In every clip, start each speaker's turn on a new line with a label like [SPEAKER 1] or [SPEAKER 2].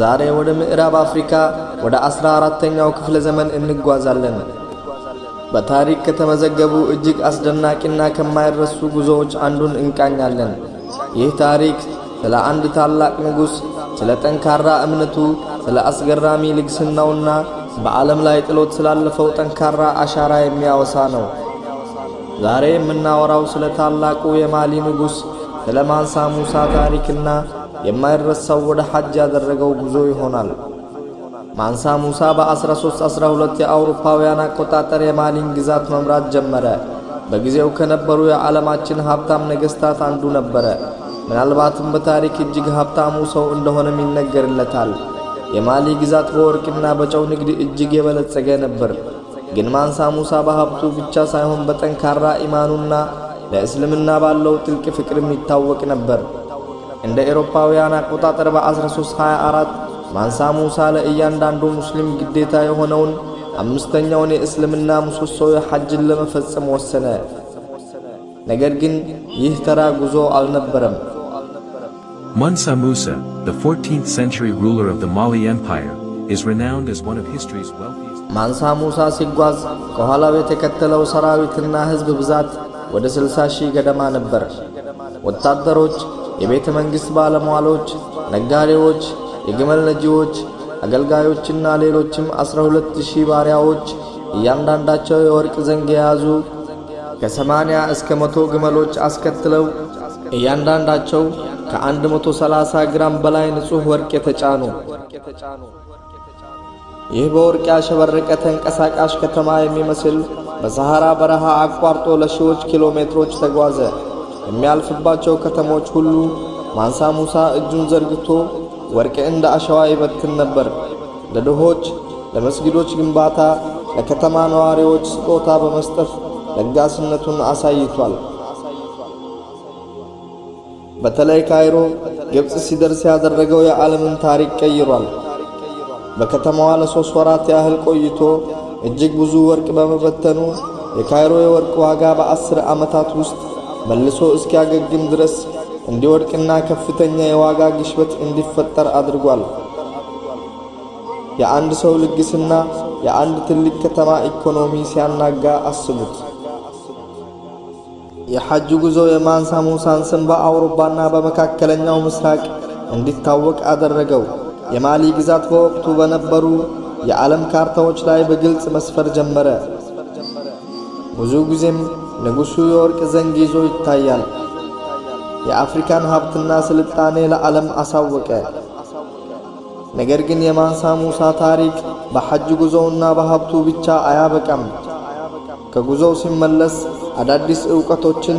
[SPEAKER 1] ዛሬ ወደ ምዕራብ አፍሪካ ወደ አስራ አራተኛው ክፍለ ዘመን እንጓዛለን። በታሪክ ከተመዘገቡ እጅግ አስደናቂና ከማይረሱ ጉዞዎች አንዱን እንቃኛለን። ይህ ታሪክ ስለ አንድ ታላቅ ንጉሥ፣ ስለ ጠንካራ እምነቱ፣ ስለ አስገራሚ ልግስናውና በዓለም ላይ ጥሎት ስላለፈው ጠንካራ አሻራ የሚያወሳ ነው። ዛሬ የምናወራው ስለ ታላቁ የማሊ ንጉሥ ስለ ማንሳ ሙሳ ታሪክና የማይረሳው ወደ ሐጅ ያደረገው ጉዞ ይሆናል። ማንሳ ሙሳ በ1312 የአውሮፓውያን አቆጣጠር የማሊን ግዛት መምራት ጀመረ። በጊዜው ከነበሩ የዓለማችን ሀብታም ነገሥታት አንዱ ነበረ። ምናልባትም በታሪክ እጅግ ሀብታሙ ሰው እንደሆነም ይነገርለታል። የማሊ ግዛት በወርቅና በጨው ንግድ እጅግ የበለጸገ ነበር። ግን ማንሳ ሙሳ በሀብቱ ብቻ ሳይሆን በጠንካራ ኢማኑና ለእስልምና ባለው ጥልቅ ፍቅርም ይታወቅ ነበር። እንደ ኤሮፓውያን አቆጣጠር በ1324 ማንሳ ሙሳ ለእያንዳንዱ ሙስሊም ግዴታ የሆነውን አምስተኛውን የእስልምና ምሰሶ የሐጅን ለመፈጸም ወሰነ። ነገር ግን ይህ ተራ ጉዞ አልነበረም። ማንሳ ሙሳ the 14th century ruler of the Mali Empire is renowned as one of history's wealthiest
[SPEAKER 2] ማንሳ ሙሳ ሲጓዝ ከኋላው የተከተለው ሰራዊትና ሕዝብ ብዛት ወደ 60 ሺህ ገደማ ነበር። ወታደሮች የቤተ መንግሥት ባለሟሎች፣ ነጋዴዎች፣ የግመል ነጂዎች፣ አገልጋዮችና ሌሎችም 12 ሁለት ሺህ ባሪያዎች እያንዳንዳቸው የወርቅ ዘንግ የያዙ ከሰማንያ እስከ መቶ ግመሎች አስከትለው እያንዳንዳቸው ከአንድ መቶ ሰላሳ ግራም በላይ ንጹሕ ወርቅ የተጫኑ። ይህ በወርቅ ያሸበረቀ ተንቀሳቃሽ ከተማ የሚመስል በሰሐራ በረሃ አቋርጦ ለሺዎች ኪሎ ሜትሮች ተጓዘ። የሚያልፍባቸው ከተሞች ሁሉ ማንሳ ሙሳ እጁን ዘርግቶ ወርቅ እንደ አሸዋ ይበትን ነበር። ለድሆች፣ ለመስጊዶች ግንባታ፣ ለከተማ ነዋሪዎች ስጦታ በመስጠት ለጋስነቱን አሳይቷል። በተለይ ካይሮ ግብፅ ሲደርስ ያደረገው የዓለምን ታሪክ ቀይሯል። በከተማዋ ለሦስት ወራት ያህል ቆይቶ እጅግ ብዙ ወርቅ በመበተኑ የካይሮ የወርቅ ዋጋ በአስር ዓመታት ውስጥ መልሶ እስኪያገግም ድረስ እንዲወድቅና ከፍተኛ የዋጋ ግሽበት እንዲፈጠር አድርጓል። የአንድ ሰው ልግስና የአንድ ትልቅ ከተማ ኢኮኖሚ ሲያናጋ አስቡት። የሐጅ ጉዞ የማንሳ ሙሳን ስም በአውሮፓና በመካከለኛው ምስራቅ እንዲታወቅ አደረገው። የማሊ ግዛት በወቅቱ በነበሩ የዓለም ካርታዎች ላይ በግልጽ መስፈር ጀመረ። ብዙ ጊዜም ንጉሡ የወርቅ ዘንግ ይዞ ይታያል። የአፍሪካን ሀብትና ስልጣኔ ለዓለም አሳወቀ። ነገር ግን የማንሳ ሙሳ ታሪክ በሐጅ ጉዞውና በሀብቱ ብቻ አያበቃም። ከጉዞው ሲመለስ አዳዲስ ዕውቀቶችን፣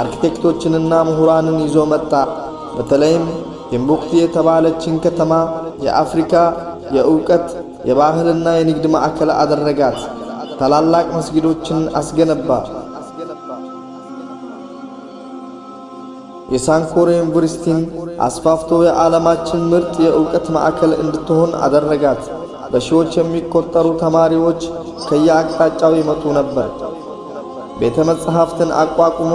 [SPEAKER 2] አርኪቴክቶችንና ምሁራንን ይዞ መጣ። በተለይም ቲምቡክቲ የተባለችን ከተማ የአፍሪካ የእውቀት የባህልና የንግድ ማዕከል አደረጋት። ታላላቅ መስጊዶችን አስገነባ። የሳንኮሮ ዩኒቨርሲቲን አስፋፍቶ የዓለማችን ምርጥ የእውቀት ማዕከል እንድትሆን አደረጋት። በሺዎች የሚቆጠሩ ተማሪዎች ከየአቅጣጫው ይመጡ ነበር። ቤተ መጻሕፍትን አቋቁሞ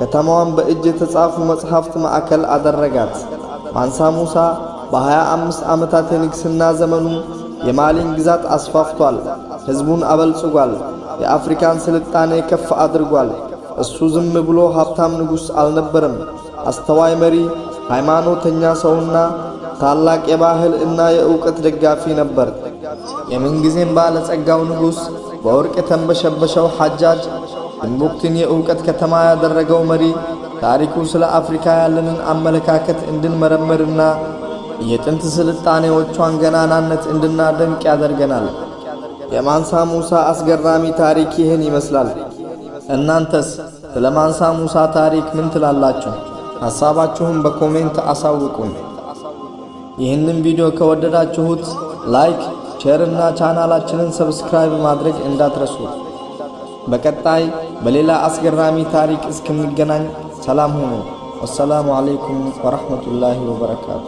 [SPEAKER 2] ከተማዋን በእጅ የተጻፉ መጽሐፍት ማዕከል አደረጋት። ማንሳ ሙሳ በ25 ዓመታት የንግሥና ዘመኑ የማሊን ግዛት አስፋፍቷል። ሕዝቡን አበልጽጓል። የአፍሪካን ስልጣኔ ከፍ አድርጓል። እሱ ዝም ብሎ ሀብታም ንጉሥ አልነበረም። አስተዋይ መሪ፣ ሃይማኖተኛ ሰውና ታላቅ የባህል እና የእውቀት ደጋፊ ነበር። የምንጊዜም ባለጸጋው ንጉሥ በወርቅ የተንበሸበሸው ሐጃጅ ቲምቡክቱን የእውቀት ከተማ ያደረገው መሪ ታሪኩ ስለ አፍሪካ ያለንን አመለካከት እንድንመረምርና የጥንት ስልጣኔዎቿን ገናናነት እንድናደንቅ ያደርገናል። የማንሳ ሙሳ አስገራሚ ታሪክ ይህን ይመስላል። እናንተስ ስለ ማንሳ ሙሳ ታሪክ ምን ትላላችሁ? ሐሳባችሁን በኮሜንት አሳውቁን። ይህንን ቪዲዮ ከወደዳችሁት ላይክ፣ ሼር እና ቻናላችንን ሰብስክራይብ ማድረግ እንዳትረሱ። በቀጣይ በሌላ አስገራሚ ታሪክ እስክንገናኝ ሰላም ሁኑ። ወሰላሙ አለይኩም ወረሕመቱላሂ ወበረካቱ።